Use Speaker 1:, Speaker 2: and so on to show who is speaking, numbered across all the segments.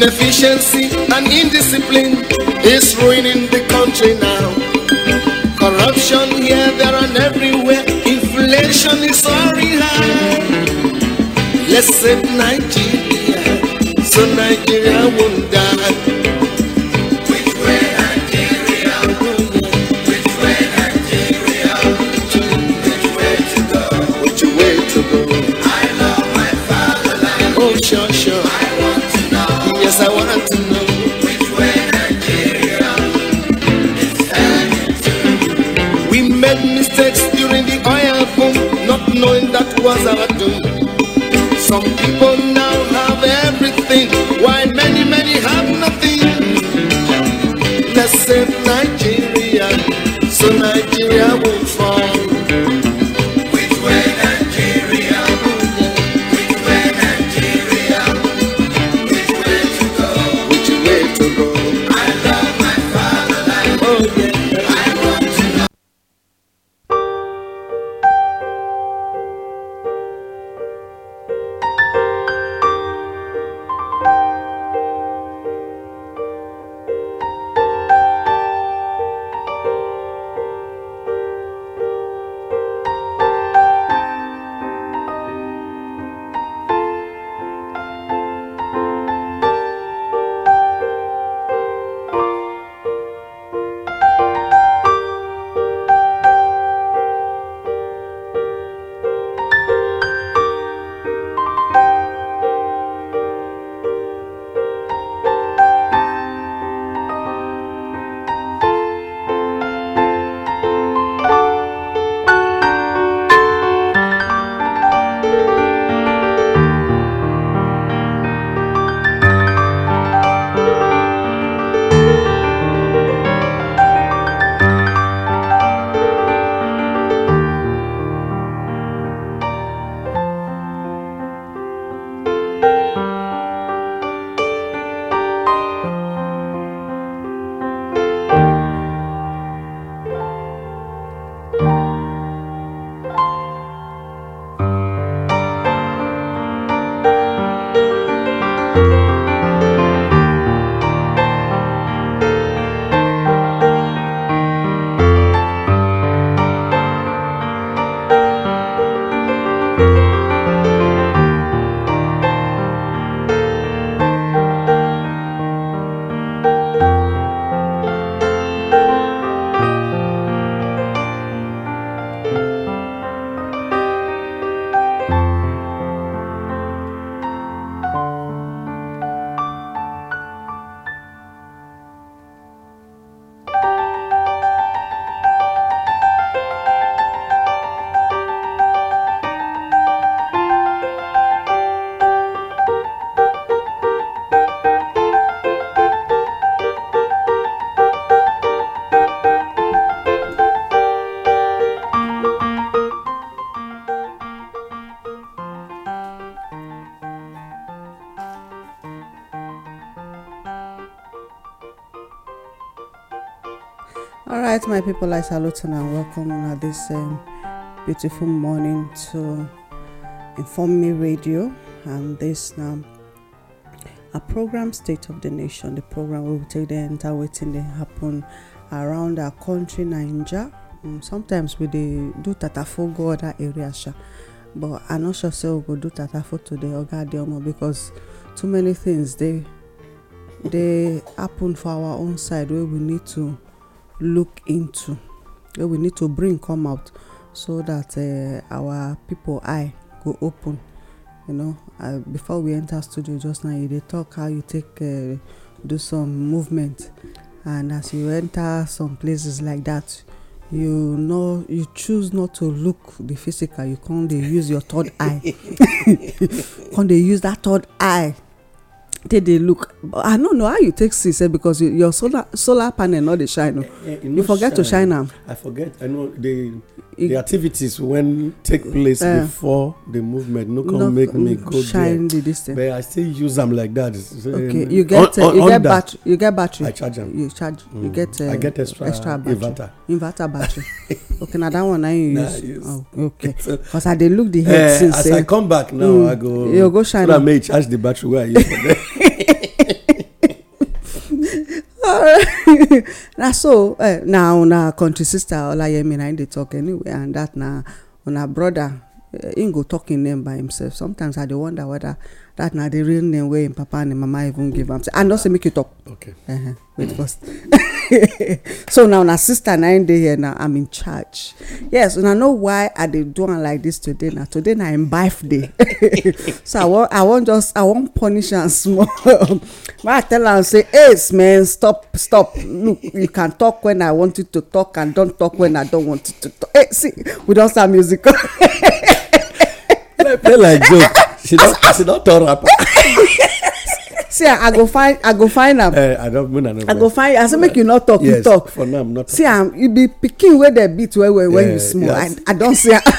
Speaker 1: Inefficiency and indiscipline is ruining the country now. Corruption here, there, and everywhere. Inflation is already high. Let's save Nigeria so Nigeria won't. Some people now have everything, while many, many have nothing. Let's save Nigeria.
Speaker 2: people, I salute and welcome at this um, beautiful morning to Inform Me Radio and this um, a program State of the Nation, the program will take the entire waiting that happen around our country, Nigeria. Um, mm, sometimes we dey do tatafo go other areas, but I'm not sure say we go do tatafo today or Gadiomo because too many things they they happen for our own side where we need to look into wey we need to bring come out so that uh, our people eye go open you know uh, before we enter studio just now you dey talk how you take uh, do some movement and as you enter some places like that you know you choose not to look the physical you come dey use your third eye come dey use that third eye They dey look i no know how you take see eh, say because your solar solar panel no dey shine o oh.
Speaker 3: eh, eh, you forget to shine am i forget i know the the activities when take place uh, before the movement no come make me go there the but i still use them like that. okay you get on, on, eh, you get battery
Speaker 2: you get battery. i charge am you charge mm. you get uh, i eh, get extra, extra battery inverter inverter battery okay na that one na you use, nah, use. oh okay because i dey look the head uh, since. as uh, i come back now mm, i go you go shine
Speaker 3: so that may charge the battery wey i use for there.
Speaker 2: all right. na so eh, na una country sister olayemi na im dey talk anyway and that na una brother him go talk him name by himself sometimes i dey wonder whether that na the real name wey him papa and him mama even give am say i know say make you talk okay uh-huh. wait first so now na sister na him dey here now i'm in charge yes una know why i dey do am like this today na today na him birth so i wan i wan just i wan punish am small when i tell am say ace man stop stop look you can talk when i want you to talk and don't talk when i don't want you to talk hey eh, see we don start music
Speaker 3: tell her joke she don turn rapper see
Speaker 2: i go find i go find am
Speaker 3: eh, i don't mean i no i go
Speaker 2: find i say make you not talk you talk
Speaker 3: for now i'm not see
Speaker 2: am you be pikin wey dem beat well well when you eh, small i don see am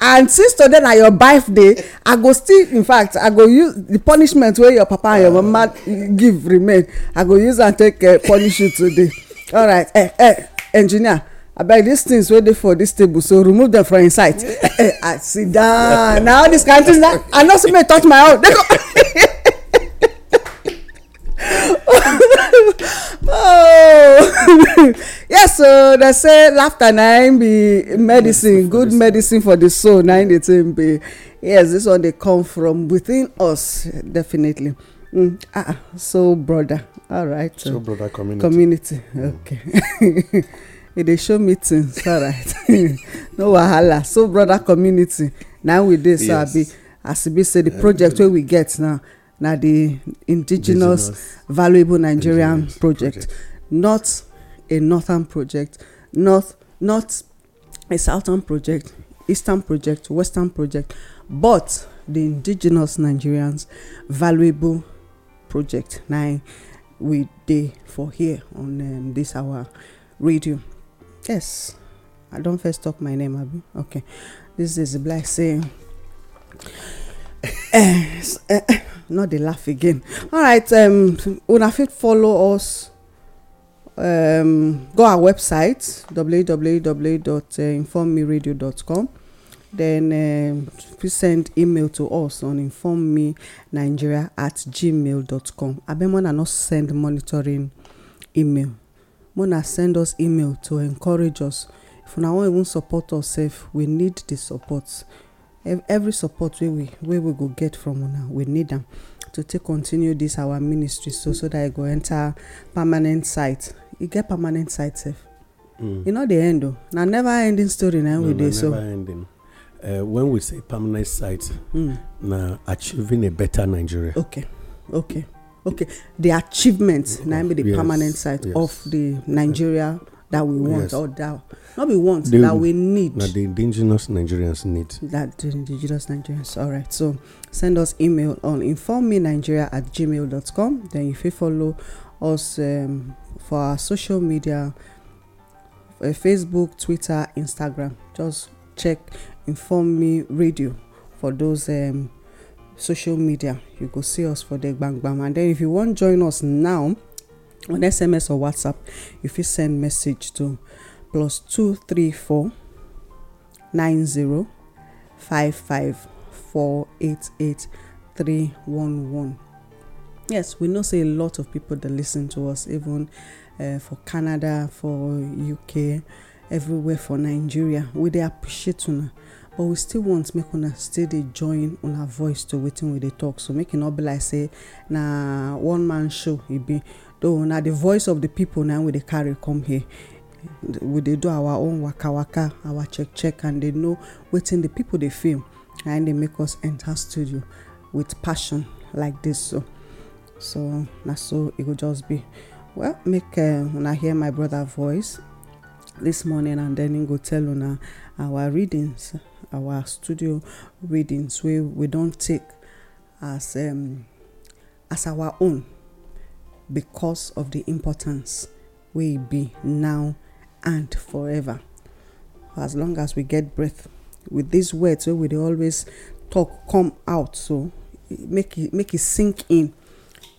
Speaker 2: and since today na your birthday i go still in fact i go use the punishment wey your papa and your ah. mama give remain i go use am take eh, punish you today right, eh eh engineer abeg dis things wey dey for dis table so remove dem from im sight i sit down na all dis kind things na i no see me touch my own dey go oh yes so dem say laughter na im be medicine good medicine for the soul na im dey thing be yes This one dey come from within us definitely Mm, ah, ah so brother all right so brother community community okay. e dey show me things alright no wahala so brother, community na we dey so abi as e be say di project wey we get now na the indigenous valuable nigerian project not a northern project not not a southern project eastern project western project but the indigenous nigerians valuable project na we dey for here on um, this our radio yes i don first talk my name abi okay this is like say eh, eh, eh, not dey laugh again All right, um, una fit follow us um, go our website www.informmeradio.com then uh, please send email to us on informmenigeria at gmail.com abemona no send monitoring email una send us email to encourage us if una wan even support us sef we need di support every support wey we wey we go get from una we need am to take continue dis our ministry so so dat e go enter permanent site e get permanent site sef mm. e no dey end o na never ending story na we dey so
Speaker 3: eh, when we say permanent site mm. na achieving a better nigeria okay
Speaker 2: okay okay the achievement na be the yes, permanent site yes. of the nigeria that we want yes. or that not we want the, that we need that the
Speaker 3: indigenous nigerians need
Speaker 2: that the indigenous nigerians all right so send us email on informmenigeria at gmail.com then you fit follow us um, for our social media uh, facebook twitter instagram just check inform me radio for those um, social media you go see us for the bang bang and then if you wan join us now on sms or whatsapp you fit send message to plus two three four nine zero five five four eight eight three one one. yes we know say a lot of people dey listen to us even uh, for canada for uk everywhere for nigeria we dey appreciate una but we still want make una still dey join una voice to wetin we dey talk so make e no be like say na one man show e be though na the voice of the people na we dey carry come here we dey do our own waka waka our check check and dey know wetin the people dey feel and dey make us enter studio with passion like this so so na so e go just be well make eh, una hear my brother voice this morning and then he go tell una our readings our studio readings we we don't take as um, as our own because of the importance we be now and forever as long as we get breath with these words we will always talk come out so make it make it sink in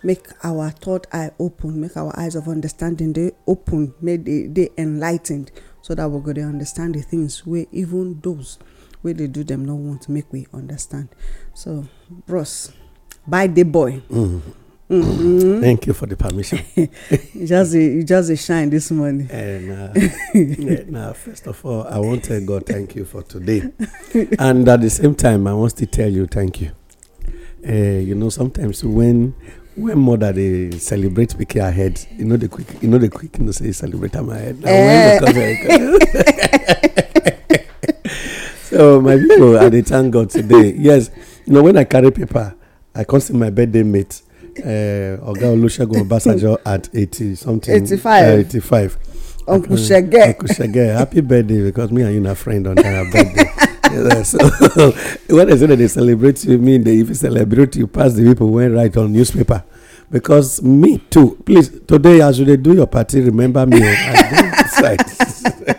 Speaker 2: make our third eye open make our eyes of understanding they open make they they enlightened so that we go to understand the things where even those wey dey do dem no want make we understand so bros buy the boy mm. Mm-hmm. Thank you for the
Speaker 3: permission. you
Speaker 2: just a, you just a shine this morning. uh, yeah, now,
Speaker 3: first of all, I want to God thank you for today, and at the same time, I want to tell you thank you. Uh, you know, sometimes when when mother dey celebrate pikin ahead, you know the quick, you know the quick, you know say celebrate am her head. Now, eh. when so oh, my people i dey thank god today yes you know when i carry paper i come see my birthday mate eh, oga olusegun obasanjo at eighty something eighty five, eh, eighty five. uncle mm-hmm. shege uncle shege happy birthday because me and you na friend on our birthday so when they say dem dey celebrate you mean if you celebrate you pass the people wey write on newspaper because me too please today as you dey do your party remember me oh, i dey decide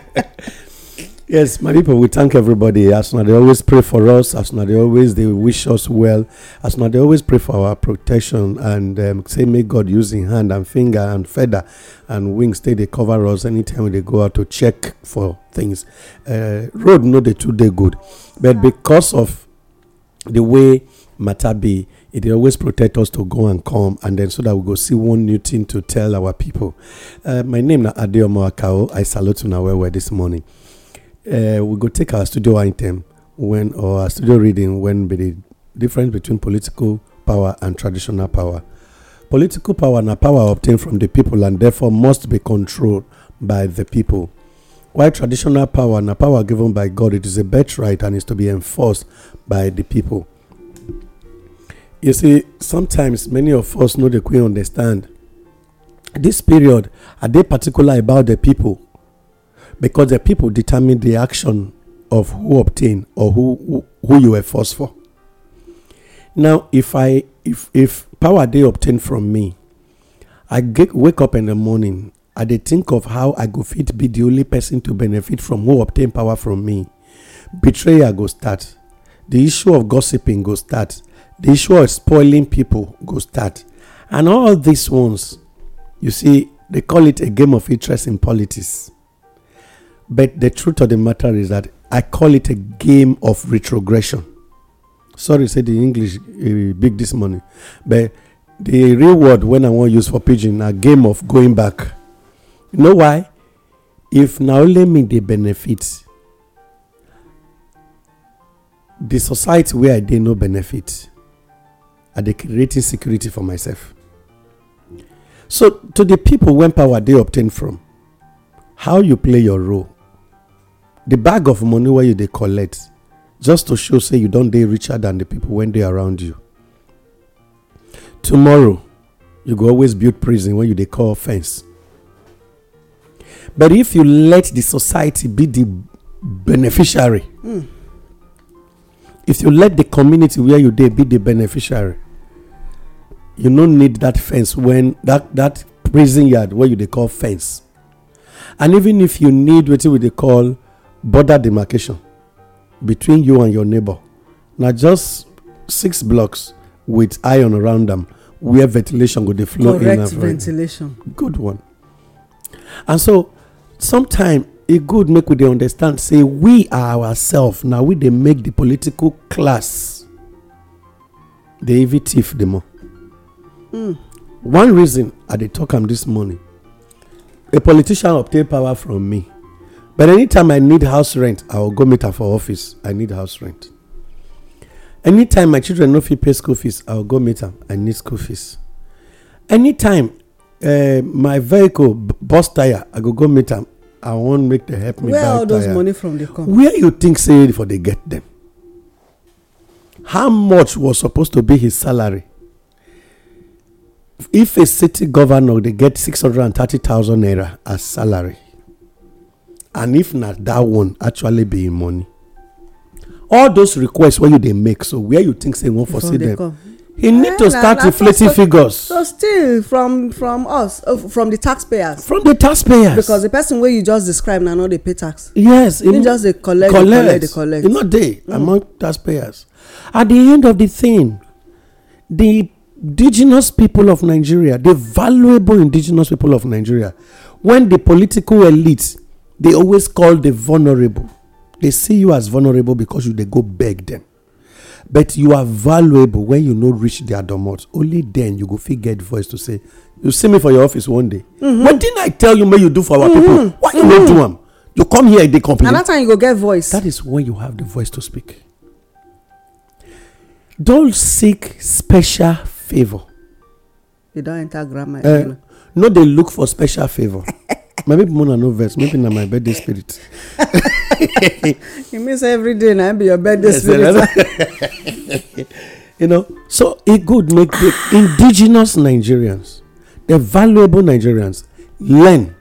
Speaker 3: yes, my people, we thank everybody. As now they always pray for us. As now they always they wish us well. As now they always pray for our protection and um, say, may God using hand and finger and feather and wings stay they cover us anytime they go out to check for things. Uh, road no they too they good, but because of the way matter be it always protect us to go and come and then so that we go see one new thing to tell our people uh, my name is adeomo akao i salute to well this morning uh, we go take our studio item when or our studio reading when be the difference between political power and traditional power. Political power na power obtained from the people and therefore must be controlled by the people. While traditional power na power given by God, it is a birthright and is to be enforced by the people. You see, sometimes many of us know the queen understand. This period, are they particular about the people because the people determine the action of who obtain or who who you were forced for. Now, if I if if power they obtain from me, I get, wake up in the morning. I they think of how I go fit be the only person to benefit from who obtain power from me. Betrayal go start. The issue of gossiping go start. The issue of spoiling people go start. And all these ones, you see, they call it a game of interest in politics. But the truth of the matter is that I call it a game of retrogression. Sorry, say the English uh, big this morning, but the real word when I want to use for pigeon a game of going back. You know why? If now let me the benefits, the society where I did no benefit, I they creating security for myself. So to the people when power they obtain from, how you play your role the bag of money wey you dey collect just to show say you don dey richer than the people wey dey around you tomorrow you go always build prison wey you dey call fence but if you let the society be the beneficiary if you let the community where you dey be the beneficiary you no need that fence when that that prison yard wey you dey call fence and even if you need wetin we dey call border demarcation between you and your neighbor Now, just six blocks with iron around them where ventilation go dey flow in correct ventilation good one and so sometimes a good make we understand say we are ourselves Now we they make the political class They even thief the hmm. more one reason i they talk am this morning a politician obtain power from me but anytime i need house rent i will go meet am for office i need house rent anytime my children no fit pay school fees i will go meet am i need school fees anytime eh, my vehicle burst tire i go go meet am i wan make dem help me buy tire where all those money
Speaker 2: from dey come. where you
Speaker 3: think say for dey get dem how much was supposed to be his salary if a city governor dey get six hundred and thirty thousand naira as salary and if na that one actually be him money all those requests wey you dey make so where you think say you wan for see dem he need to eh, start inflating figures
Speaker 2: so still from from us uh, from the taxpayers from the
Speaker 3: taxpayers because
Speaker 2: the person wey you just describe na no dey pay tax
Speaker 3: yes him just dey collect collect collect e no dey mm. among taxpayers at the end of the thing the indigenous people of nigeria the valuable indigenous people of nigeria when the political elite They always call the vulnerable They see you as vulnerable because you dey go beg them. but you are valuable when you no reach their domot only then you go fit get voice to say you see me for your office one day wetin mm-hmm. i tell you make you do for our people mm-hmm. why you no mm-hmm. do am you come here dey complain and that time you go get voice that is when you have the voice to speak don seek special favour
Speaker 2: you don enter grammar eh,
Speaker 3: no dey look for special favour my people mona no vex maybe na my birthday spirit.
Speaker 2: you miss every day na be your birthday spirit.
Speaker 3: you know so e good make the indigenous nigerians the valuable nigerians learn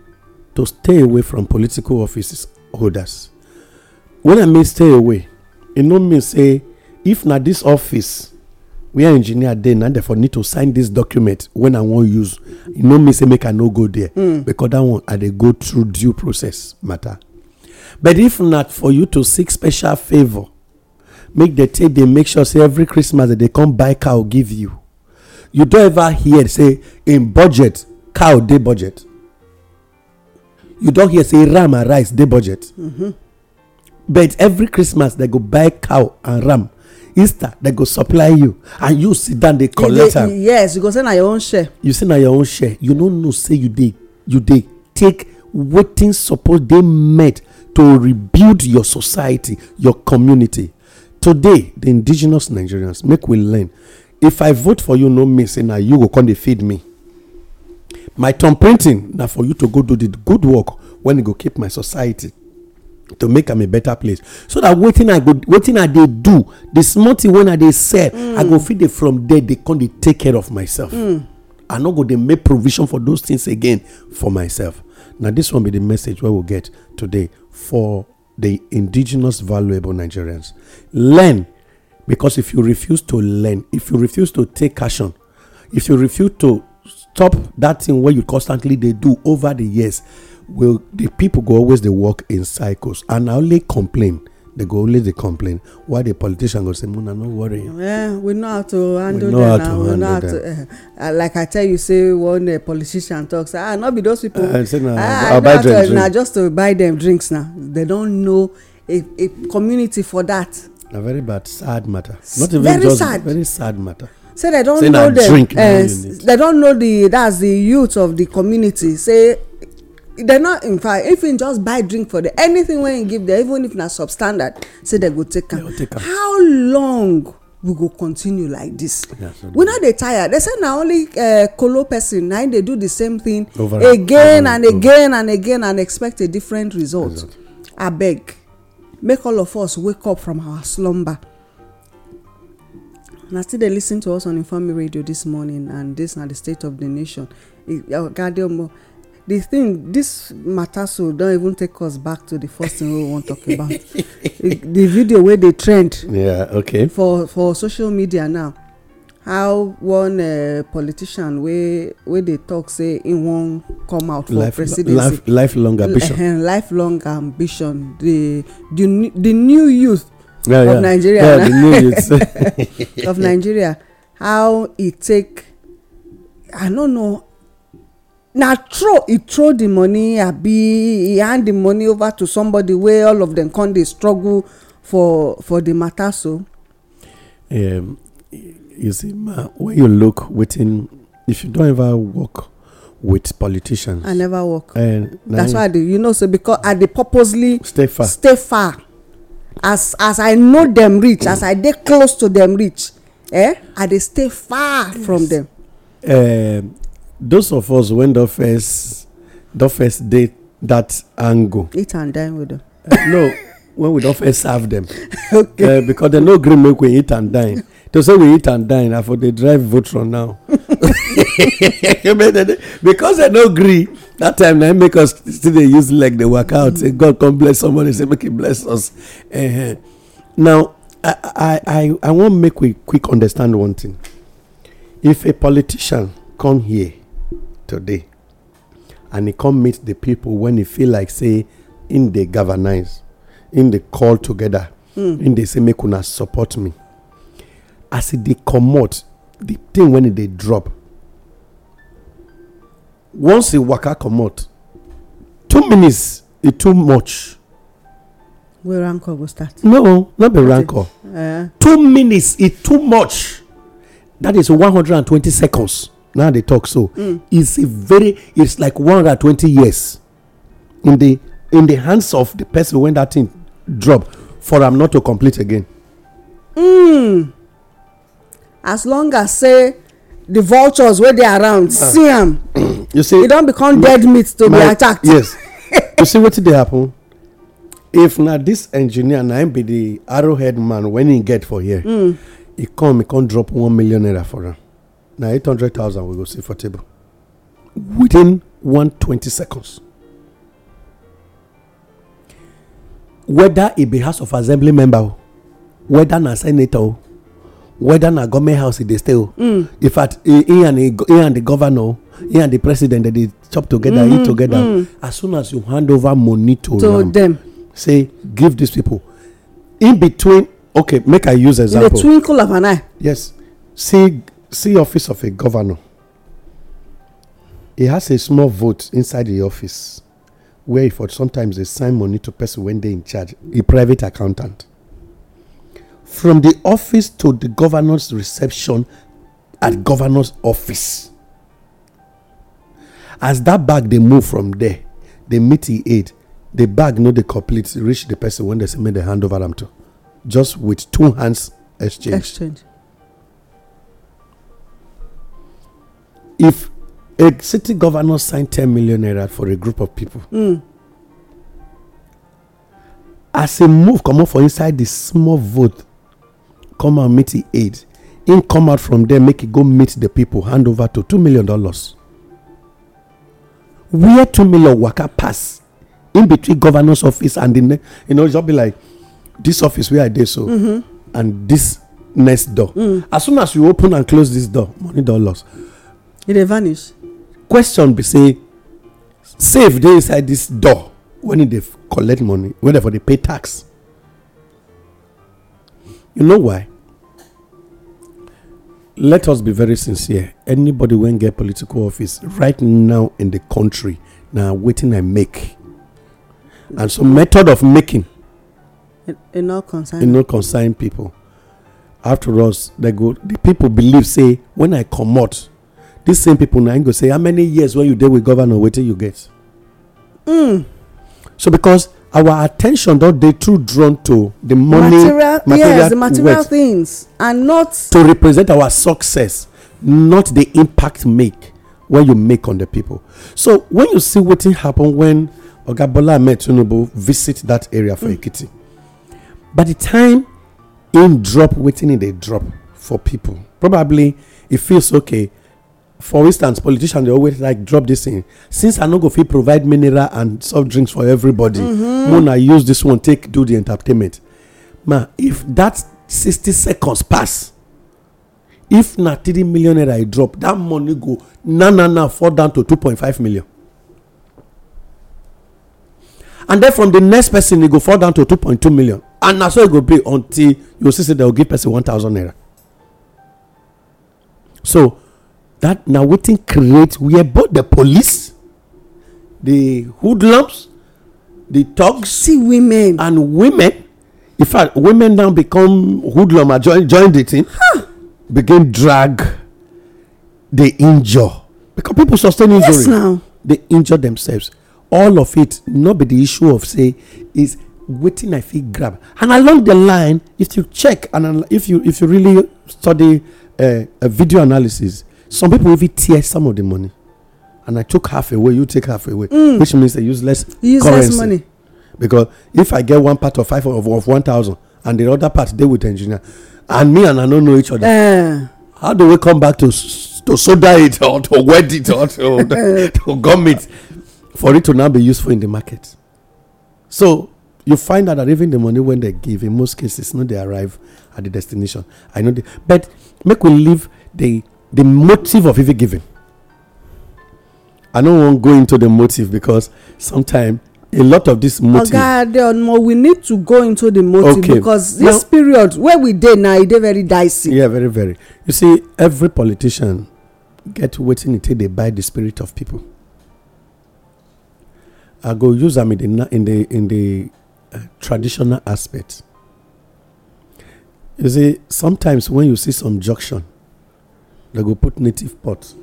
Speaker 3: to stay away from political office holders when i mean stay away e no mean say if na this office We are engineer dey na therefore need to sign this document when i wan use e no mean say make i no go there hmm. because that one i dey go through due process matter but if not for you to seek special favour make dem take dey make sure say every christmas dem dey come buy cow give you you don ever hear say in budget cow dey budget you don hear say ram and rice dey budget mm-hmm. but every christmas dem go buy cow and ram easter dem go supply you and you sit down dey collect am
Speaker 2: yes you go say na your own share
Speaker 3: you say na your own share you no know say you dey you dey take wetin suppose dey met to rebuild your society your community today the indigenous nigerians make we learn if i vote for you no mean say na you go come dey feed me my thumb printing na for you to go do the good work when e go keep my society to make am a better place so that wetin i go wetin i dey do the small thing wey i dey sell i go fit dey from there dey come dey take care of myself mm. i no go dey make provision for those things again for myself na this one be the message wey we get today for the indigenous valuable nigerians learn because if you refuse to learn if you refuse to take action if you refuse to stop that thing wey you constantly dey do over the years will the people go always dey work in cycles and na only complain they go only dey complain while the politician go say muna no worry
Speaker 2: yeah we know how to handle them. we know how to eh, eh, like i tell you say one politician talk say ah not be those people ah, i know ah, how to na just to buy them drinks na they don know a a community for that.
Speaker 3: na very bad sad matter not even just very sad matter say they don know them. Eh, say
Speaker 2: they don know the that's the youth of the community say they no in fact if you just buy drink for them anything wey you give them even if na substandard say they go take am how long we go continue like this we no dey tire they say na only uh, kolo person na im dey do the same thing again and again and again and expect a different result abeg make all of us wake up from our slumber na still dey lis ten to us on informe radio this morning and this na the state of the nation oga adeomo the thing this matter so don even take us back to the first thing we wan talk about the video wey dey trend
Speaker 3: yeah okay
Speaker 2: for for social media now how one eh, politician wey wey dey talk say im wan come out for presidency Life lifelong ambition eh, lifelong ambition the the the new youth of nigeria yeah, the new youth of nigeria how e take i no know na throw he throw the money abi e hand the money over to somebody wey all of them come dey struggle for for the matter so
Speaker 3: um, you see ma when you look wetin if you don ever work with politicians i never work eh, that's why i dey
Speaker 2: you know so because i dey purposely stay far stay far as as i know dem reach as i dey close to dem reach eh i dey stay far from dem
Speaker 3: um, those of us when the first the first date that angle
Speaker 2: eat and dine with them
Speaker 3: uh, no when we don first serve them, okay uh, because they no gree make we eat and dine to say we eat and dine i for dey drive votron now because I no gree that time na make us still dey use leg dey waka out say god come bless somebody say make him bless us -huh. now i i i i wan make we quick understand one thing if a politician come here today and he come meet the people when he feel like say in dey galvanize in dey call together mm. in dey say make una support me as e dey comot the thing when e dey drop once e waka comot two minutes e too much.
Speaker 2: wey rancor go start.
Speaker 3: no no be rancor. Uh. two minutes e too much that is one hundred and twenty seconds now they talk so mm. it's a very it's like 120 years in the in the hands of the person when that thing drop for am not to complete again
Speaker 2: mm. as long as say the vultures wey dey around uh, see am
Speaker 3: you see e don become my, dead meat to my, be attacked yes you see wetin dey happen if na this engineer na him be the arrowhead man when he get for here mm. he come he come drop one million naira for am na 800000 we go see for table within 120 seconds whether e be house of assembly member whether na senator whether na government house e dey stay o mm. in fact he and he and the governor he and the president dem dey chop together eat mm-hmm. together mm. as soon as you hand over money to dem say give these people in between okay make i use example in the
Speaker 2: twinkle of an eye
Speaker 3: yes see see office of a governor he has a small vote inside the office where he for sometimes dey sign money to person wey dey in charge a private accountant from the office to the governor's reception at governor's office as that bag dey move from there dey meet e aid the bag no dey complete reach the person wey dey say make dem hand over am to just with two hands exchange. exchange if a city governor signed ten million naira for a group of people mm. as a move comot for inside the small vote come and meet the aid him come out from there make he go meet the people hand over to two million dollars where two million waka pass in between governor's office and the ne you know just be like this office where i dey so mm -hmm. and this next door mm. as soon as you open and close this door money don lost e dey vanish question be say safe dey inside this door when e dey collect money wen dem for dey pay tax you know why let us be very sincere anybody wen get political office right now in the country na wetin i make and so method of making
Speaker 2: e, e no e
Speaker 3: concern people. after us the people believe say when i comot dis same people now go say how many years when you dey with governor wetin you get mm. so because our attention don dey too drawn to the money material yes the material
Speaker 2: things and not
Speaker 3: to represent our success not the impact make when you make on the people so when you see wetin happen when oga bola ahmed tinubu visit that area for hmm. ekiti by the time im drop wetin e dey drop for people probably e feels okay for instance politicians dey always like drop this thing since i no go fit provide mineral and soft drinks for everybody when mm-hmm. I use this one take do the entertainment ma if that sixty seconds pass if na 3 million naira e drop that money go na na na fall down to two point five million and then from the next person e go fall down to two point two million and na so e go be until you see say dem go give person one thousand naira so that na wetin create where both the police the hoodlums the thugs see women and women in fact women now become hoodlum and join join the thing huh. begin drag dey injure because people sustain injury yes, now. they injure themselves all of it no be the issue of say is wetin i fit grab and along the line if you check and if you if you really study uh, a video analysis Some people even tear some of the money. And I took half away, you take half away, mm. which means a useless, useless currency. money. Because if I get one part of five of, of thousand, and the other part, they with engineer. And me and I don't know each other. Uh. How do we come back to to solder it or to weld it or to, to gum it for it to now be useful in the market? So you find out that even the money when they give, in most cases, no, not they arrive at the destination. I know, they, but make we leave the the motive of even giving. I don't want go into the motive because sometimes a lot of this motive.
Speaker 2: oga
Speaker 3: we need to go into the motive okay. because this period wey we dey now e dey very dicey. yeah very very you see every politician get wetin e take dey buy the spirit of people. i go use am in the in the in the uh, traditional aspect. you see sometimes when you see some junction They go put native pot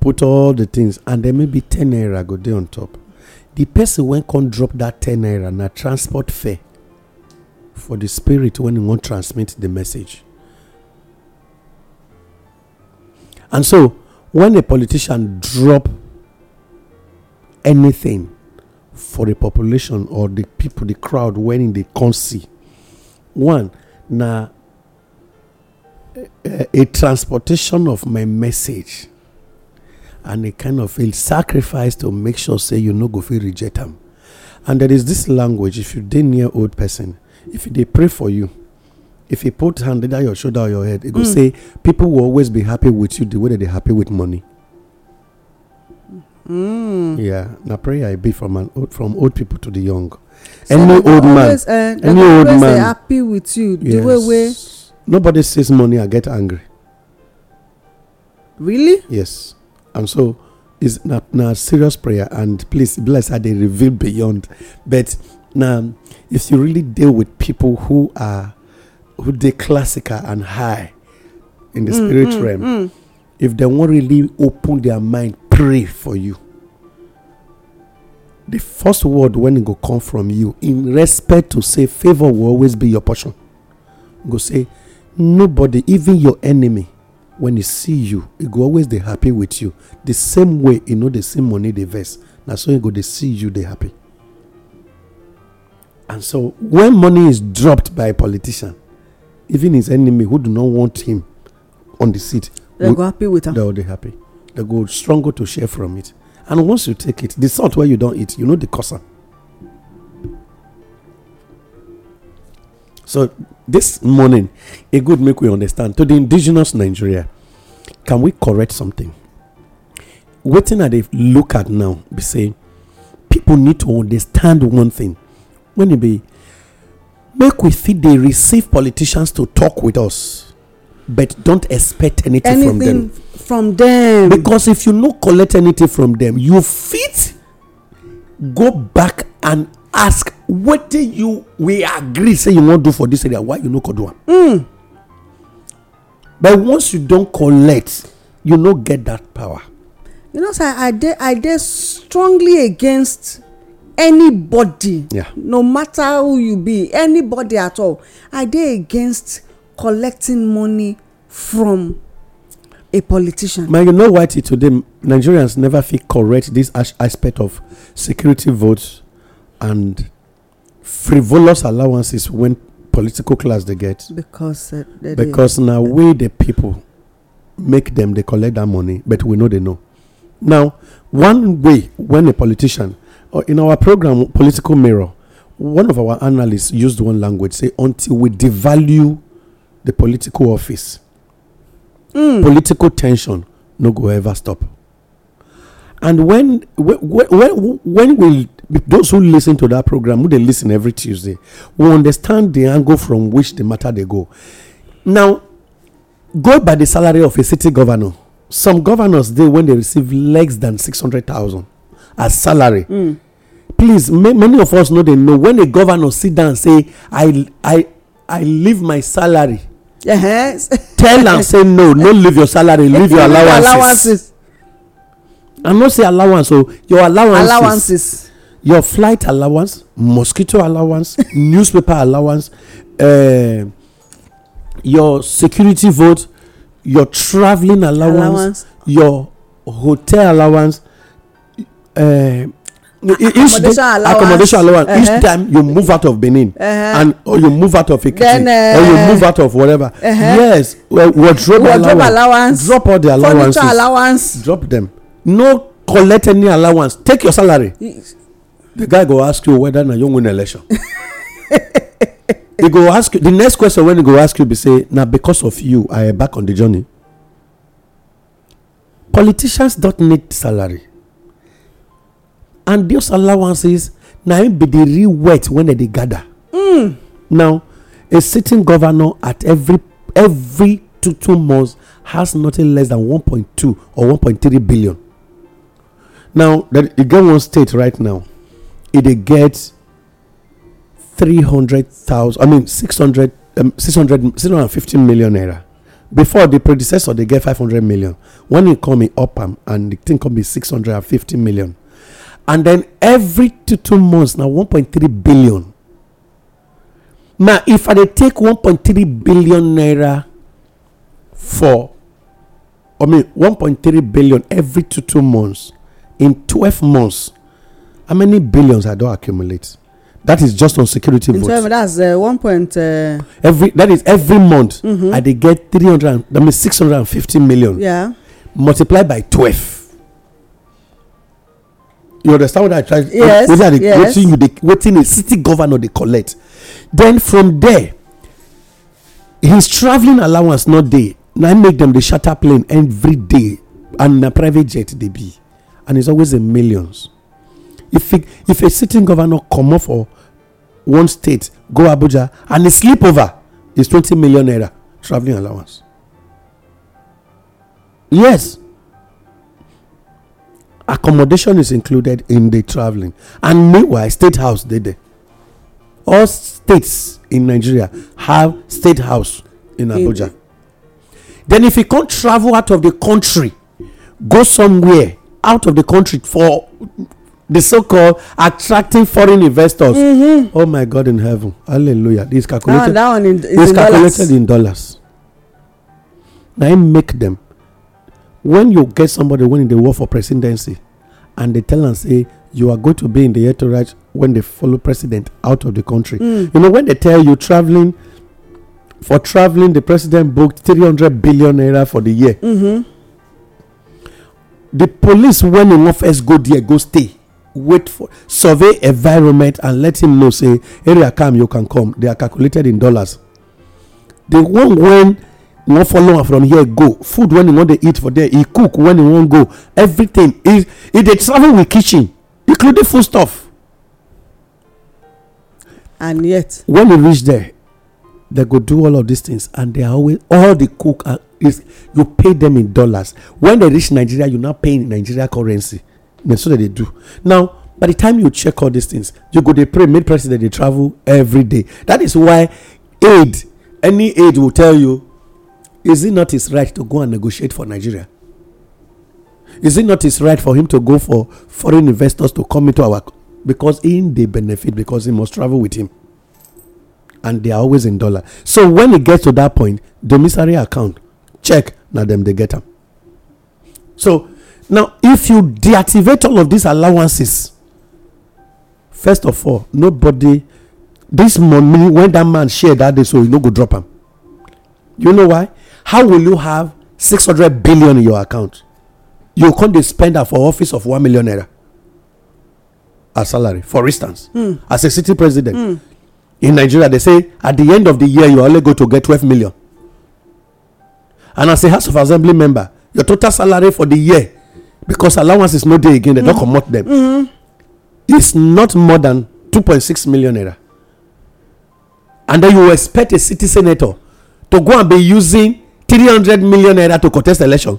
Speaker 3: put all the things and then maybe 10 naira go dey on top the person when come drop that 10 naira na transport fare for the spirit when im won't transmit the message and so when a politician drop anything for the population or the people the crowd when they come see one now a, transportation of my message and a kind of a sacrifice to make sure say you no go feel reject am and there is this language if you dey near old person if you dey pray for you if he put hand under your shoulder or your head he go mm. say people will always be happy with you the way they dey happy with money.
Speaker 1: Mm. yeah
Speaker 3: na prayer I be from an old from old people to the young. So any old man always, uh, any old man happy with you yes. the way wey. Nobody sees money, I get angry. Really? Yes. And so it's not now serious prayer and please bless how they reveal beyond. But now if you really deal with people who are who they classical and high in the mm, spirit mm, realm, mm. if they won't really open their mind, pray for you. The first word when it go come from you in respect to say favor will always be your portion. Go say nobody even your enemy when e see you e go always dey happy with you the same way e no dey see money dey vex na so e go dey see you dey happy and so when money is dropped by a politician even his enemy who do not want him on the seat they go happy with am they go dey happy they go struggle to share from it and once you take it the salt wey you don eat you no dey cause am so this morning a good make we understand to the indigenous nigeria can we correct something wetin i they look at now be say people need to understand one thing when e be make we fit they receive politicians to talk with us but don't expect anything, anything
Speaker 2: from
Speaker 3: them, because if you no collect anything from them, you fit go back and ask wetin you we agree say you wan do for this area why you no go do am mm. but once you don collect you no get that power
Speaker 2: you know sir. i dey strongly against anybody yeah. no matter who you be anybody at all i dey against collecting money
Speaker 3: from a politician man you know why till today nigerians never fit correct this aspect of security votes and frivolous allowances when political class dey get because uh, because na wey the people make them dey collect that money but we no dey know now one way when a politician or in our program political mirror one of our analysts used one language say until we devalue the political office hmm. political tension no go ever stop and when when when when we those who listen to that program who dey listen every tuesday will understand the angle from which the matter dey go now go by the salary of a city governor some governors dey when they receive less than six hundred thousand as salary hmm. please many of us no dey know when a governor sit down say i i i leave my salary tell am say no no leave your salary leave your allowances i no say allowance o your allowances your flight allowance mosquito allowance newspaper allowance uh, your security vote your traveling allowance, allowance. your hotel allowance uh, each day allowance. accommodation allowance uh-huh. each time you move out of benin uh-huh. and or you move out of ekiti then, uh, or you uh-huh. move out of whatever uh-huh. yes well, wardrobe, wardrobe allowance, allowance drop all the allowances furniture allowance drop them no collect any allowance take your salary. Yes the guy go ask you whether na you win election he go ask you the next question wey he go ask you be say na because of you i back on the journey politicians don't need salary and those allowances na im be the real wealth when dem dey gather mm. now a sitting governor at every every two two months has nothing less than one point two or one point three billion now e get one state right now e dey get 300,000 i mean 600 650 um, million naira before the predecessor they get 500 million When e come in up um, and the thing come be 650 million and then every two two months na 1.3 billion now if i dey take 1.3 billion naira for i mean 1.3 billion every two two months in 12 months how many billions i don accumulate that is just on security votes. in
Speaker 2: that's uh, one point. Uh,
Speaker 3: every that is every month. Mm -hmm. i dey get three hundred that means six hundred and fifty million. yeah. multiplied by twelve. you understand what i try. yes wetin i dey yes. wetin you dey wetin a city governor dey collect then from there his travelling allowance no dey na make dem dey charter plane every day and na private jet dey be and it's always in millions if a, if a sitting governor come off for one state go abuja and e sleep over is twenty million naira travelling allowance yes accommodation is included in the travelling and meanwhile state house dey there all states in nigeria have state house in abuja then if you can't travel out of the country go somewhere out of the country for the so-called attracting foreign investors. Mm-hmm. Oh my God in heaven, hallelujah! This calculated. No, oh, that one in, is in calculated dollars. in dollars. Now I make them. When you get somebody winning the war for presidency, and they tell and say you are going to be in the entourage when they follow president out of the country. Mm. You know when they tell you traveling for traveling, the president booked three hundred billion naira for the year. Mm-hmm. The police when in office go there go stay wait for survey environment and let him know say area come you can come they are calculated in dollars the one when you wan follow am from here go food when you wan dey eat for there e cook when you wan go everything e e dey travel with kitchen including food stuff. and yet. when you reach there they go do all of these things and they always all the cook is you pay them in dollars when they reach nigeria you now pay in nigeria currency na so dem dey do now by the time you check all these things you go dey pray make president dey travel every day that is why aid any aid will tell you is it not his right to go and negotiate for nigeria is it not his right for him to go for foreign investors to come into our because in dey benefit because he must travel with him and they are always in dollar so when e gets to that point the commissary account check na dem dey get am so now if you deactivate all of these allowances first of all nobody this money when that man share that day so you no go drop am you know why how will you have six hundred billion in your account you come dey spend am for office of one million naira as salary for instance hmm. as a city president hmm. in nigeria they say at the end of the year you only go to get twelve million and as a house of assembly member your total salary for the year because allowance is no dey again dem don mm-hmm. comot dem mm-hmm. it's not more than two point six million naira and then you expect a city senator to go and be using three hundred million naira to contest election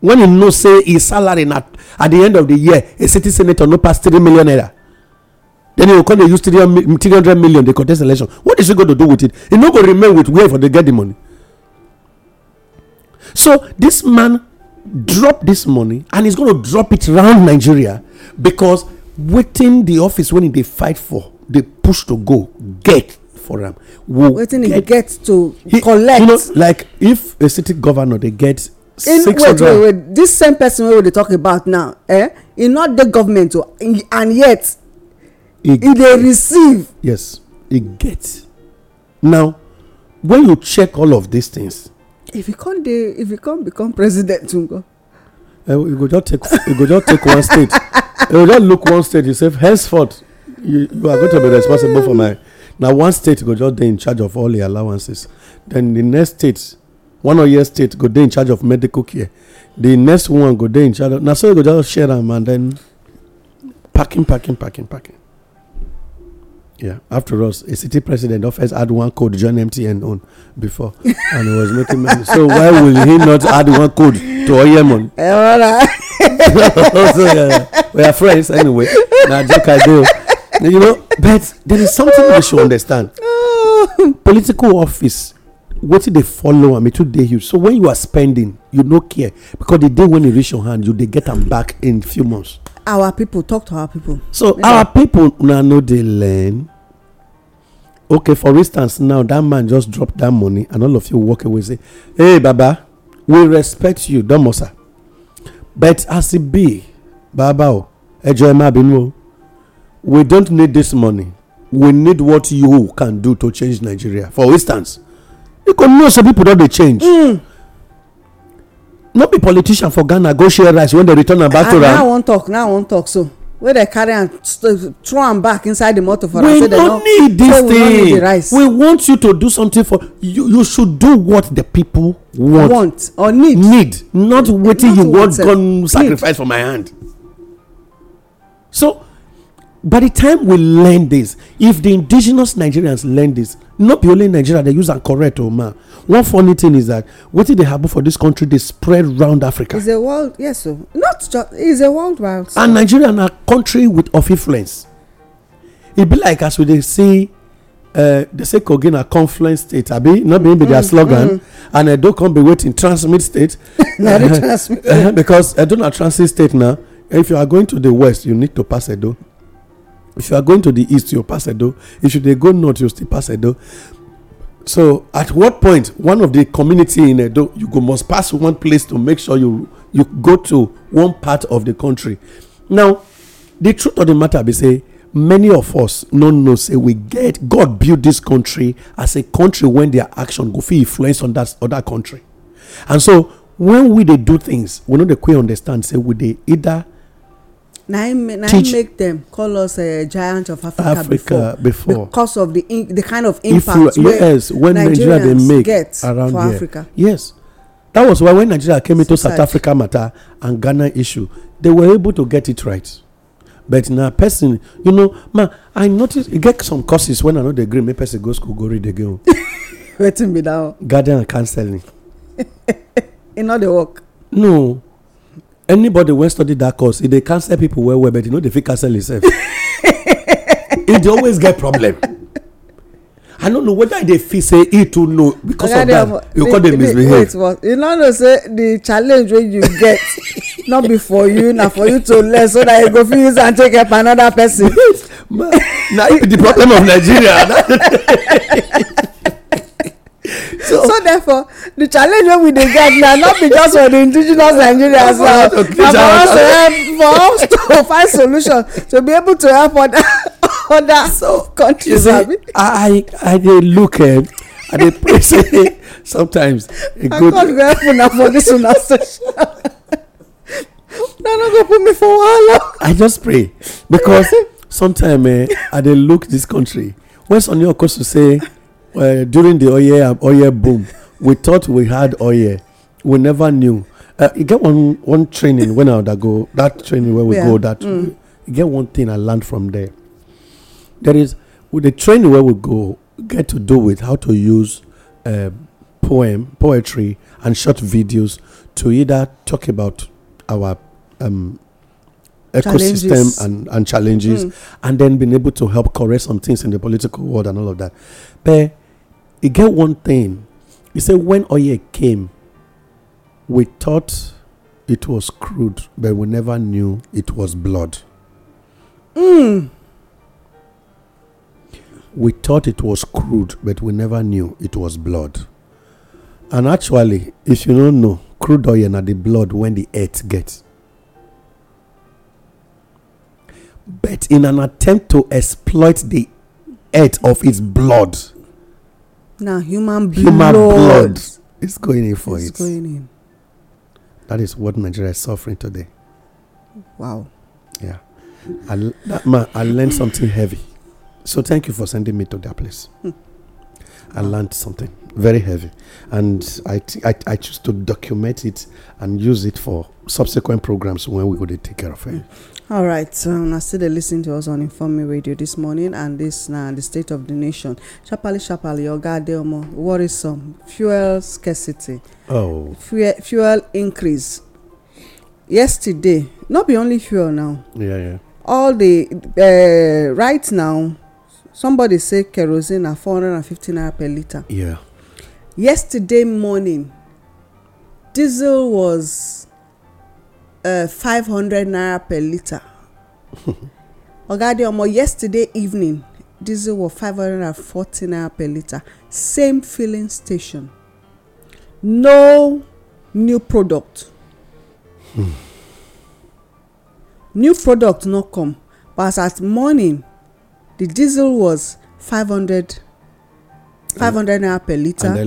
Speaker 3: when you know say his salary na at the end of the year a city senator no pass three million naira then he go come dey use hundred million dey contest election what is he go to do with it he no go remain with where for dey get the money so this man drop this money and he's going to drop it around nigeria because waiting the office when they fight for they push to go get for am will wetin he get to he, collect you know like if a city governor they get in wait wait wait this same person we were talking
Speaker 2: about now eh e not the government o oh. and yet e they receive
Speaker 3: yes e gets. now when you check all of these things
Speaker 2: if you come dey if you come become president nko. Uh,
Speaker 3: eh, you go just take you go just take one state eh, you go just look one state you say henceforth you you are going to be responsible for my na one state go just dey in charge of all the allowances then the next state one or year state go dey in charge of medical care the next one go dey in charge of na so you go just share am and then packing packing packing packing. Yeah. After us, a city president office had one code, John MTN on before, and he was making money. So why will he not add one code to Oyemon? Eh, so, yeah, we are friends anyway. Now joke I do. You know, but there is something we should understand. Oh. Political office, what did they follow? I mean, too they huge. So when you are spending, you no care because the day when you reach your hand, you they get them back in few months.
Speaker 2: Our people talk to our people.
Speaker 3: So yeah. our people now know they learn okay for instance now that man just drop that money and all of you walk away say hey baba we respect you domosa but as e be baba o ejo emma binu o we don't need this money we need what you can do to change nigeria for instance you go know say people don dey change mm. no be politician for ghana go share rice when they return am back to am ah,
Speaker 2: now i wan talk so wey dem carry am throw am back inside the motor for am say dem no need this thing we no need the rice
Speaker 3: we want you to do something for you you should do what the people want want or need need not wetin you want gun sacrifice for my hand so by the time we learn this if the indigenous nigerians learn this not be only nigeria dey use am correct o oh, ma one funny thing is that wetin dey happen for this country dey spread round africa. is
Speaker 2: a world yes o not just is a world wide.
Speaker 3: and nigeria na country with of influence e be like as we dey see uh, say kogi na confluence state abi no be im be their mm, slogan mm. and edo come be wetin transmit state. na dey uh-huh. transmit. Uh-huh, because edo na transit state na if you are going to the west you need to pass edo if you are going to the east you pass edo if you dey go north you still pass edo so at what point one of the community in edo you go must pass one place to make sure you you go to one part of the country now the truth of the matter be say many of us no know say we get god build this country as a country when their action go fit influence on that other country and so when we dey do things we no dey quick understand say we dey either
Speaker 2: na im make dem call us giant of africa before because of the the kind of impact wey nigerians get for africa
Speaker 3: yes that was why when nigeria came into south africa matter and ghana issue they were able to get it right but na person you know ma i notice e get some courses when i no dey gree make person go school go read again wetin be that one garden and counseling e no dey work no anybody wey study that course e dey cancel people well well but e no dey fit cancel himself e dey always get problem i no know whether i dey feel say e too know because of that you con dey misbehave
Speaker 2: you no know say the challenge wey you get not be for you na for you to learn so that you go fit use am take help another person na the problem
Speaker 3: of nigeria so so
Speaker 2: therefore the challenge wey we dey get na not be just for the indigenous nigerians na for us to help for us to find solution to be able to help other other so, countries. You see,
Speaker 3: I I dey look eh, I dey pray say sometimes e go. I God go
Speaker 1: help una for this una session. na no go put me for
Speaker 3: wahala. I just pray because sometimes eh, I dey look this country when Sonny Okosu say. uh, during the oil oil boom we thought we had oil we never knew uh, you get one one training when i go that training where we yeah. go that mm. you get one thing i learned from there there is with the training where we go get to do with how to use uh, poem poetry and short videos to either talk about our um, ecosystem and, and challenges mm. and then being able to help correct some things in the political world and all of that but He get one thing he say when Oye came we thought it was crude but we never knew it was blood mm. we thought it was crude but we never knew it was blood and actually if you no know crude Oye na the blood wey the earth get but in an attempt to exploit the earth of its blood
Speaker 2: Now, human blood. Human blood
Speaker 3: is going in for it's it. going in. That is what Nigeria is suffering today. Wow. Yeah. I, that man, I learned something heavy. So thank you for sending me to that place. Hmm. I learned something very heavy, and I, I, choose to document it and use it for subsequent programs when we would take care of it. Hmm.
Speaker 2: All right, um, I still they listen to us on Inform Me Radio this morning, and this now uh, the state of the nation. Chapali, chapali, oga deomo, worrisome fuel scarcity. Oh, fuel, fuel increase. Yesterday, not be only fuel now. Yeah, yeah. All the uh, right now, somebody say kerosene at four hundred and fifty naira per liter. Yeah. Yesterday morning, diesel was uh, hundred naira per litre. Oga de omo yesterday evening diesel was five hundred and forty naira per litre. Same filling station. No new product. Hmm. New product no come but as at morning the diesel was five hundred. Five hundred naira per litre and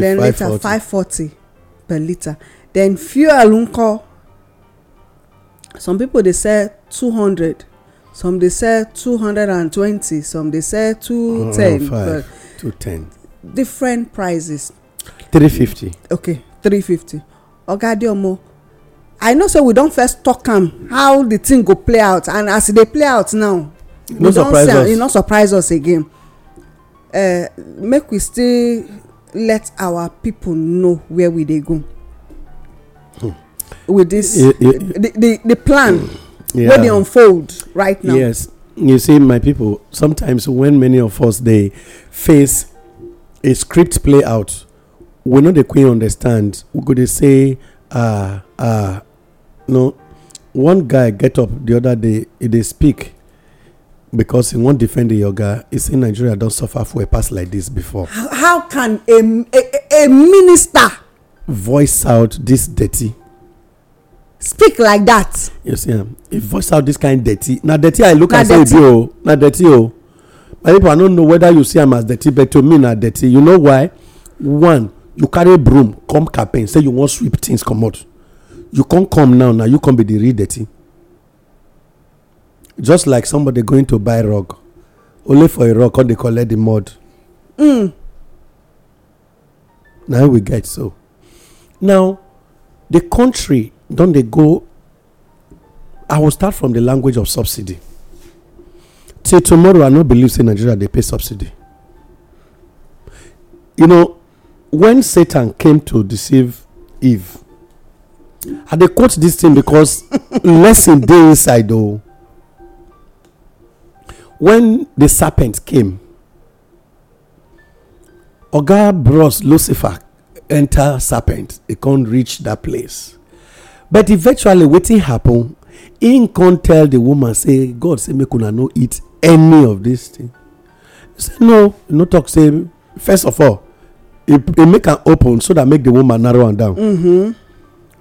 Speaker 2: then later five, forty per litre then fuel nko some people dey sell two hundred some dey sell two hundred and twenty some dey sell two ten oh, two ten different prices. three fifty. okay three fifty oga adeomo i know say we don first talk am how the thing go play out and as e dey play out now
Speaker 3: no surprise us e
Speaker 2: no surprise us again uh, make we still let our people know where we dey go with this yeah, yeah. The, the, the plan mm. yeah. where they unfold right now yes
Speaker 3: you see my people sometimes when many of us they face a script play out we know the queen understand we could say ah uh, ah uh, no one guy get up the other day They speak because he won't defend the yoga he said, nigeria don't suffer for a past like this before.
Speaker 2: how can a a, a minister
Speaker 3: voice out this dirty
Speaker 2: speak like that.
Speaker 3: you see am if voice out this kind dirty na dirty i look at say e be o na dirty o my people i no know whether you see am as dirty but to me na dirty you know why one you carry broom come campaign say you wan sweep things comot you come come now na you come be the real dirty just like somebody going to buy rug only for a rug come dey collect the mud. Mm. na we get so now the country don dey go i will start from the language of subsidy till tomorrow i no believe say nigeria dey pay subsidy you know when satan came to deceive eve i dey quote this thing because lesson dey inside o when the serpent came oga bros lucifer enter serpent e con reach that place but eventually wetin happen him come tell the woman say god say make una no eat any of this thing He say no no talk say first of all he make am open so that make the woman narrow am down mm-hmm.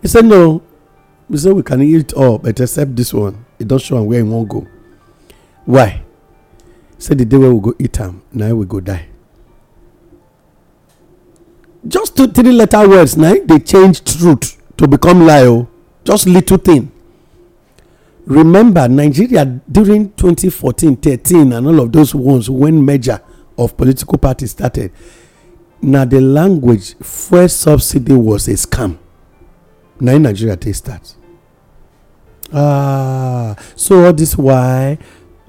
Speaker 3: he say no He say we can eat all but except this one e don show am where he wan go why He say the day wey we go eat am na we go die just two three letter words na they dey change truth to become lie o oh just little thing remember nigeria during 2014 13 and all of those ones when merger of political parties started na the language fuel subsidy was a scam na in nigeria take start ah so all this why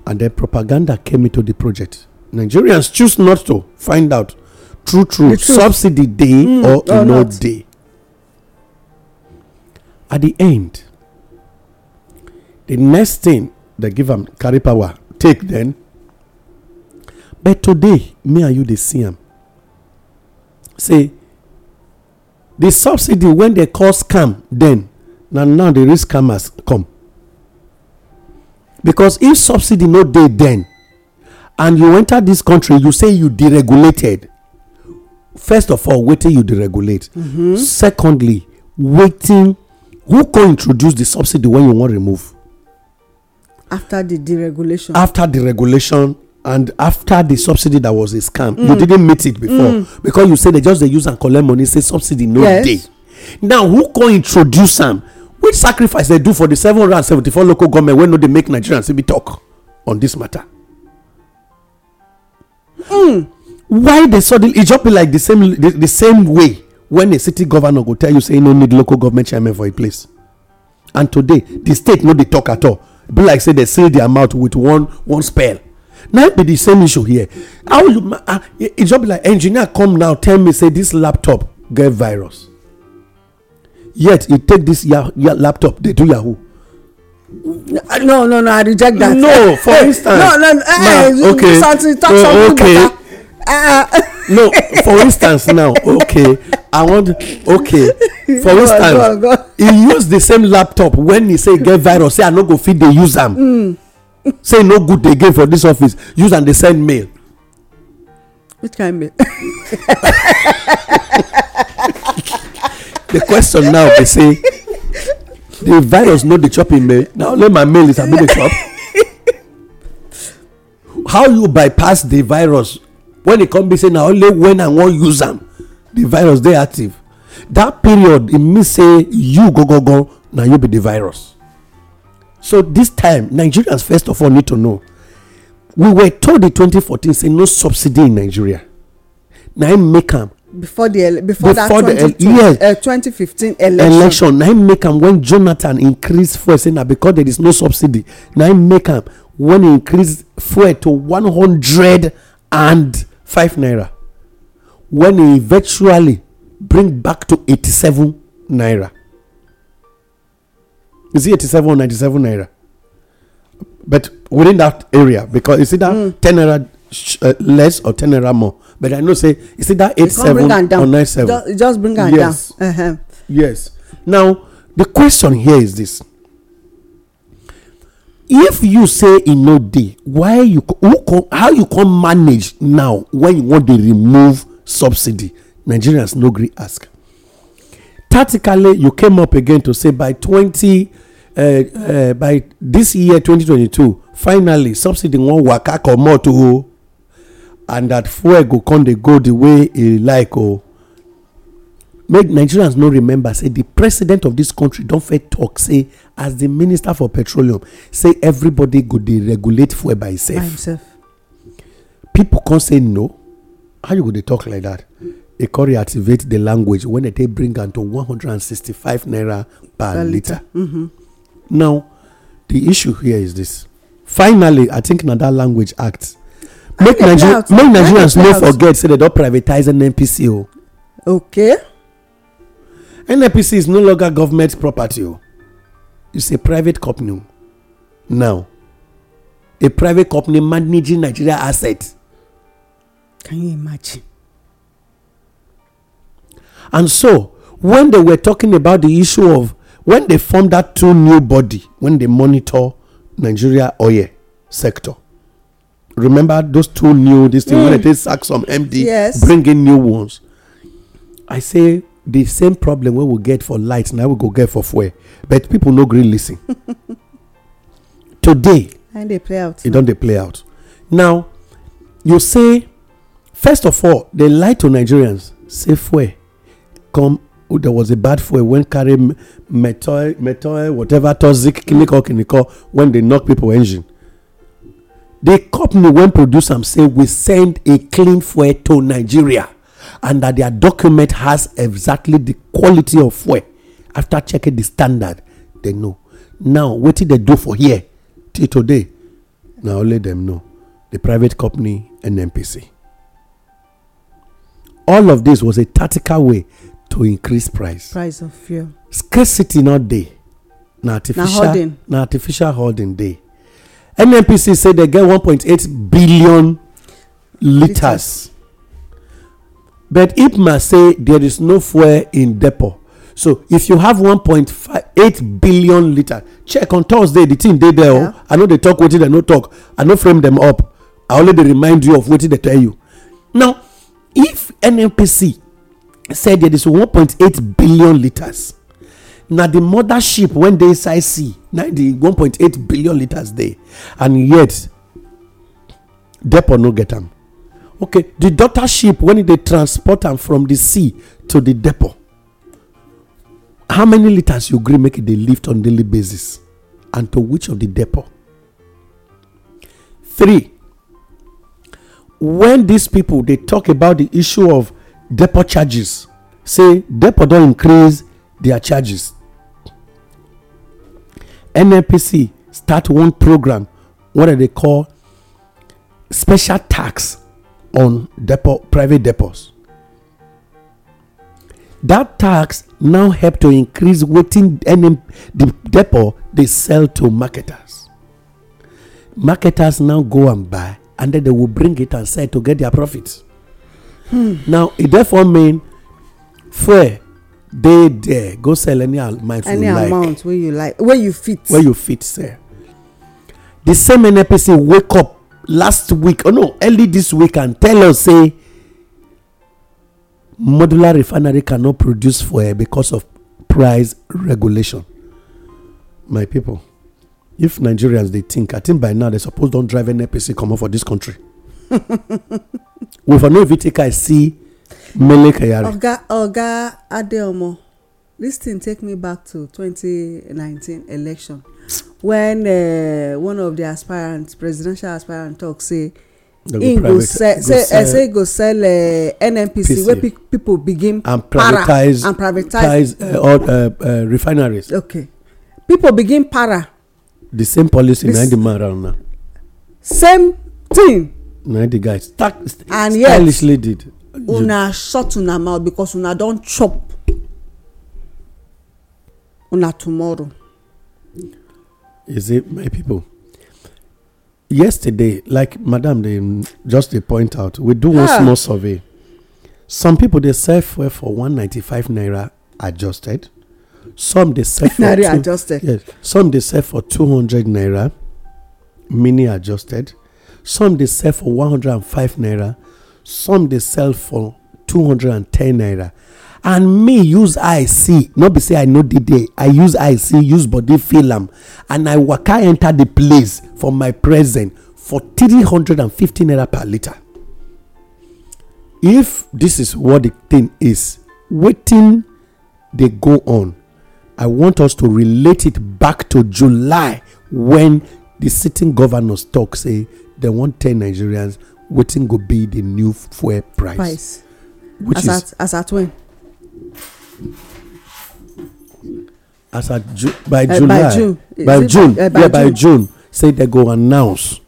Speaker 3: and then propaganda came into the project nigerians choose not to find out true true subsidy dey mm, or e no dey at the end the next thing they give them carry power take then but today me and you dey see am say the subsidy when the cost come then now now the risk scammers come because if subsidy no dey then and you enter this country you say you deregulated first of all wetin you deregulate mm-hmm. secondly wetin who can introduce the subsidy when you wan remove
Speaker 2: after the deregulation after
Speaker 3: the regulation and after the subsidy that was a scam mm. you didn't meet it before mm. because you say they just dey use am collect money say subsidy no yes. dey now who can introduce am which sacrifice they do for the seven hundred and seventy-four local government wey no dey make nigerians fit be talk on this matter. Mm. why they suddenly e just be like the same the, the same way when a city governor go tell you say e no need local government chairman for a place and today the state no dey talk at all be like say they seal their mouth with one one spell Now be the same issue here how you ah, e, e just be like engineer come now tell me say this laptop get virus yet you take this dis laptop dey do yahoo no no no i reject that no for instance no no eh okay oh, something talk something better no for instance now okay i want okay for oh instance he use the same laptop when he say get virus say i no go fit dey use am hmm. say no good again for this office use am dey send mail which kind mail the question now be say the virus no dey chop im mail na only my mail is i no dey chop how you bypass the virus when e come be say na only when i wan use am the virus dey active that period e mean say you go go go na you be the virus so this time nigerians first of all need to know we were told in 2014 say no subsidy in nigeria na im make am
Speaker 2: before the before, before that 20, yes, uh, eh, 2015 election election
Speaker 3: na im make am when jonathan increase fuel say na because there is no subsidy na im make am when e increase fuel to 100 and 5 naira when he eventually bring back to 87 naira is it 87 or 97 naira but within that area because you see that mm. 10 naira sh- uh, less or 10 naira more but i know say you see that 87 or 97 just, bring it yes. down uh-huh. yes now the question here is this if you say e no dey why you who how you come manage now when you wan dey remove subsidy nigerians no gree ask tactically you came up again to say by twenty uh, by this year twenty twenty two. finally subsidy wan waka comot o and that fuel go come dey go the way e like o make nigerians no remember say the president of this country don first talk. say as the minister for petroleum say everybody go dey regulate fuel by himself people come say no how you go dey talk like that e come reactivate the language when they take bring am to one hundred and sixty-five naira per litre mm-hmm. now the issue here is this finally i think na dat language act make nigerians no forget say they don privatize nnpc o okay NPC is no longer government property o is a private company now a private company managing Nigeria assets. Can you imagine? And so, when they were talking about the issue of when they formed that two new body, when they monitor Nigeria oil sector, remember those two new this thing mm. when they mm. take sack some MD, yes. bring in new ones. I say the same problem wey we get for light na we go get for fuel but people no gree listen today
Speaker 2: e
Speaker 3: don dey play out now you say first of all they lie to nigerians say fuel come oh, there was a bad fuel when carry methyl methyl whatever toxic chemical chemical when they knock people engine the company wey produce am say we send a clean fuel to nigeria and that their document has exactly the quality of fuel after checking the standard they know now wetin they do for here till today na only them know the private company nnpc all of this was a tactical way to increase price
Speaker 2: price of fuel
Speaker 3: scarcity not dey na artificial na artificial holding dey nnpc say they get 1.8 billion litres but ipma say there is no fuel in depot so if you have 1.8 billion litre check on thursday the thing dey there oh i no dey talk wetin dem no talk i no frame dem up i only dey remind you of wetin dem tell you now if nnpc say there is 1.8 billion litres na di mothership wey dey inside sea na di 1.8 billion litres dey and yet depot no get am okay the daughter ship when they transport am from the sea to the depot how many liters you gree make e dey lift on daily basis and to which of the depot three when these people dey talk about the issue of depot charges say depot don increase their charges nnpc start one program wey dem dey call special tax on depot, private depots. That tax now help to increase waiting any the depot they sell to marketers. Marketers now go and buy, and then they will bring it and sell to get their profits. Hmm. Now it e therefore mean fair dey there go sell any amount any you like any
Speaker 2: amount wey you like wey you fit. wey you
Speaker 3: fit sell the same NPC wake up last week or oh, no early this week and tell us say modular refinery cannot produce fuel because of price regulation my people if nigerians dey think i think by now they suppose don drive nnpc comot for this country we for no fit take eye see mele kyari.
Speaker 2: oga oga adeomo dis thing take me back to 2019 election when uh, one of the aspirants presidential aspirant talk say im uh, go sell say say uh, go sell nnpc wey people begin para and privatize uh,
Speaker 3: all refineries
Speaker 2: okay people begin para
Speaker 3: the same policy na the man around now
Speaker 2: same thing
Speaker 3: na the guy and yet stylishly did una
Speaker 2: shut una mouth because una don chop una tomorrow
Speaker 3: Is it my people? Yesterday, like Madam, they mm, just they point out, we do one ah. small survey. Some people they sell fuel for 195 naira adjusted. Some they sell for two, adjusted. Yes. Some they sell for 200 naira mini adjusted. Some they sell for 105 naira. Some they sell for 210 naira and me use eye see no be say i no dey there i use eye see use body feel am and i waka enter the place for my present for three hundred and 350 naira per litre if this is what the thing is wetin dey go on i want us to relate it back to july when the sitting governors talk say dem wan tell nigerians wetin go be the new fuel price price as at as at when as at Ju- by uh, by June by June uh, by yeah by June say they go announce.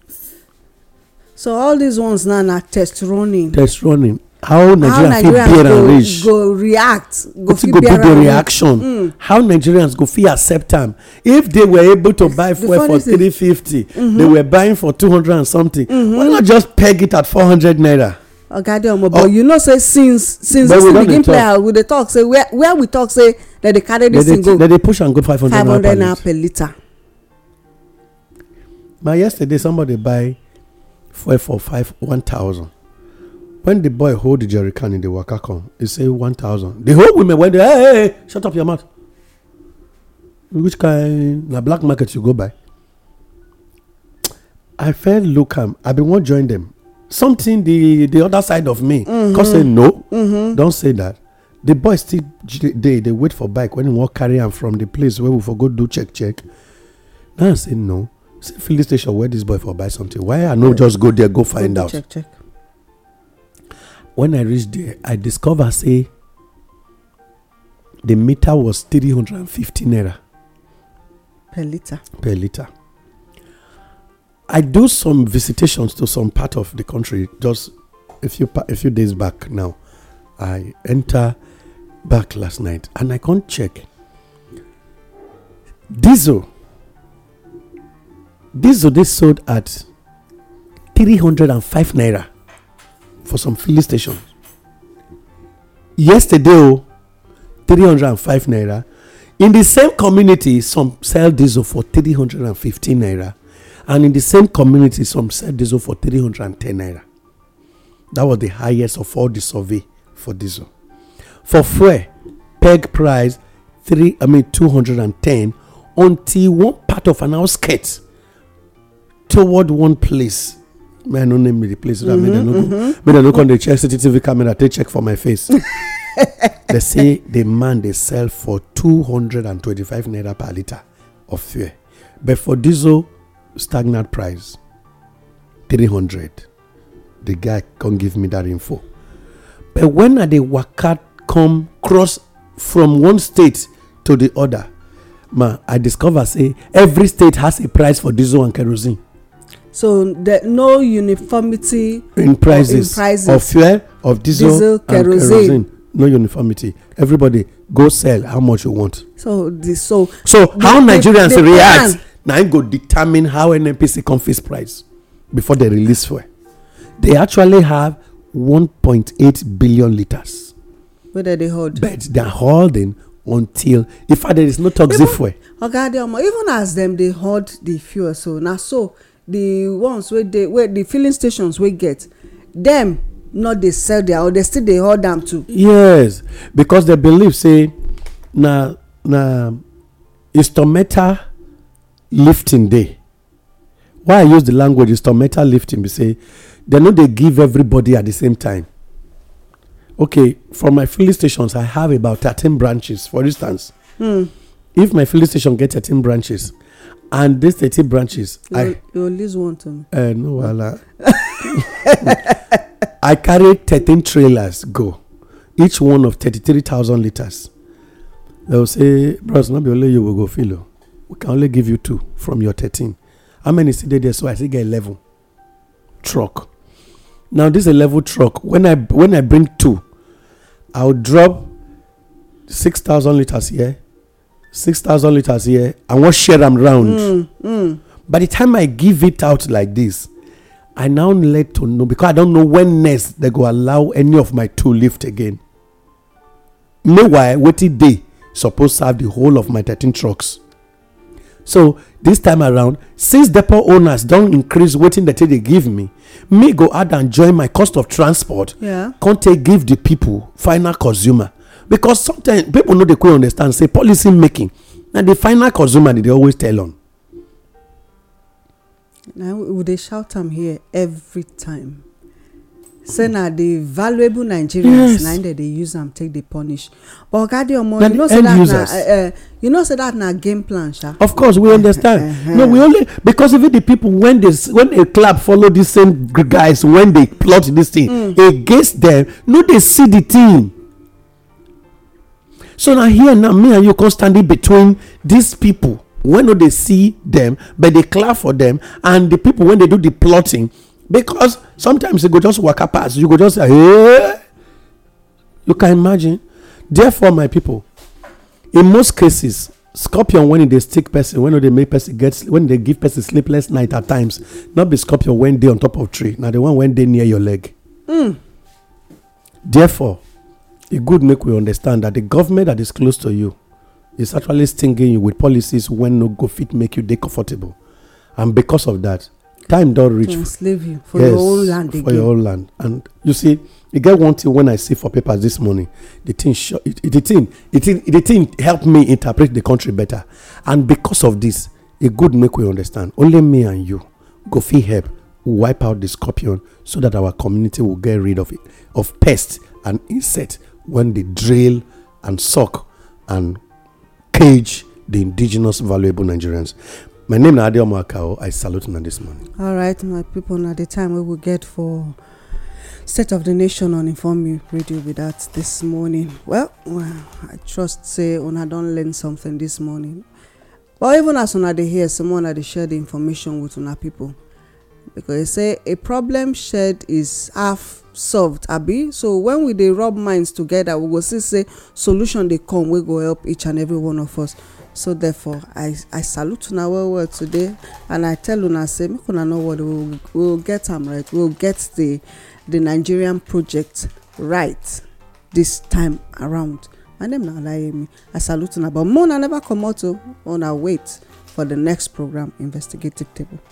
Speaker 2: so all these ones now na test running.
Speaker 3: test running how Nigerians how nigeria fit bear go, and reach
Speaker 2: go react go wetin go be the reaction mm.
Speaker 3: how nigerians go fit accept am if they were able to buy fuel for three fifty mm -hmm. they mm-hmm. were buying for two hundred and something mm -hmm. why mm-hmm. not just peg it at four hundred naira
Speaker 2: oga adeomo but oh. you
Speaker 3: know say since since we begin play out
Speaker 2: we dey talk say where where we talk say dem dey carry dis thing go dem dey push am go five hundred naira per litre
Speaker 3: but yesterday somebody buy fuel for five one thousand when the boy hold the jerry can in the waka come he say one thousand the whole women wey dey hey hey shut up your mouth which kind na black market you go buy i fair look am i bin wan join dem something the the other side of me mm -hmm. come say no mm -hmm. don say that the boy still dey dey wait for bike when he wan carry am from the place where we for go do check check now i say no say filling station where this boy for buy something why i no just go there go find out check check when i reach there i discover say the meter was three hundred and fifty naira per litre per litre I do some visitations to some part of the country. Just a few a few days back now, I enter back last night and I can't check. Diesel. Diesel they sold at 305 naira for some filling stations. Yesterday, 305 naira. In the same community, some sell diesel for 315 naira And in the same community, some said diesel for three hundred and ten naira. That was the highest of all the survey for diesel. For fuel, peg price three, I mean two hundred and ten until one part of an outskirt toward one place. May I no name me the place so that may they no mm go. Mm-hmm. May they no come. They check CCTV camera. take check for my face. they say the man they sell for two hundred and twenty-five naira per liter of fuel, but for diesel stagnant price 300 the guy come give me that info but when i dey waka come cross from one state to the other ma i discover say every state has a price for diesel and kerosene.
Speaker 2: so there no uniformity.
Speaker 3: in prices, in prices of fuel of diesel, diesel and kerosene no uniformity everybody go sell how much you want.
Speaker 2: so the so. so how nigerians the, the react
Speaker 3: na im go determine how nnpc come fix price before they release fuel they actually have one point eight billion litres
Speaker 2: Where dem dey hold but
Speaker 3: they are holding until if there is no toxic fuel
Speaker 2: oga adeomo even as dem dey hold di fuel so na so di ones wey dey di filling stations wey get dem not dey sell their or they still dey hold am too
Speaker 3: yes because dem believe say na instrumental lifting day. why i use the language instrumental lifting be say dem no dey give everybody at the same time okay for my filling stations i have about thirteen branches for instance hmm. if my filling station get thirteen branches and these 13 branches i you lose one to me Uh, no wahala i carry thirteen trailers go each one of thirty-three 33000 litres dem say bros no be only you go go fill o we can only give you two from your thirteen. How many is there? So I still get 11 truck. Now this 11 truck, when I when I bring two, I'll drop six thousand liters here, six thousand liters here, and what share them round. Mm, mm. By the time I give it out like this, I now need to know because I don't know when next they go allow any of my two lift again. Meanwhile, waiting day suppose serve the whole of my thirteen trucks so this time around since depot owners don increase wetin dem take dey give me me go add and join my cost of transport Yeah. come take give the people final consumer because sometimes people no dey quite understand say policy making na the final consumer dey always tell on
Speaker 2: na we dey shout am here every time say na the valuable nigerians na im dem dey use am take dey punish but oga omo you know say dat na you know say that na game plan sha.
Speaker 3: of course we understand uh-huh. no we only because even the people when they when they clap follow the same guys when they plot this thing mm. against them no dey see the team. so na here now me and you come standing between these people wey no dey see them? but dey clap for them, and the people wey dey do the plotting because sometimes you go just waka pass you go just say hey you can imagine therefore my people in most cases scorpion when e dey stick person wen dey make person get when e dey give person sleepless night at times not be scorpion wen dey on top of tree na the one wen dey near your leg hmm. therefore e good make we understand that the government that is close to you is actually stinging you with policies wen no go fit make you dey comfortable and because of that time don reach to enslave you for your own land again yes for your own land and you see e get one thing when i see for papers this morning the thing the thing the thing help me interpret the country better and because of this e good make we understand only me and you go fit help wipe out the scorpion so that our community will get rid of it of pests and insect when they drill and suck and cage the indigenous valuable nigerians my name na adeomu akao i salute una this morning.
Speaker 2: all right my people na the time wey we get for. State of the Nation on Inform You Radio with that this morning. Well, I trust say una don't learn something this morning. But even as una they hear, someone una dey share the information with una people. Because they say a problem shared is half solved, abi. So when we they rub minds together, we go see say solution they come We go help each and every one of us. so therefore i i salute una well well today and i tell una say make una know what we will get am right we get the the nigerian project right this time around my name na Alayemi. i salute una but more, mona never come out. o oh. una wait for the next program investigative table.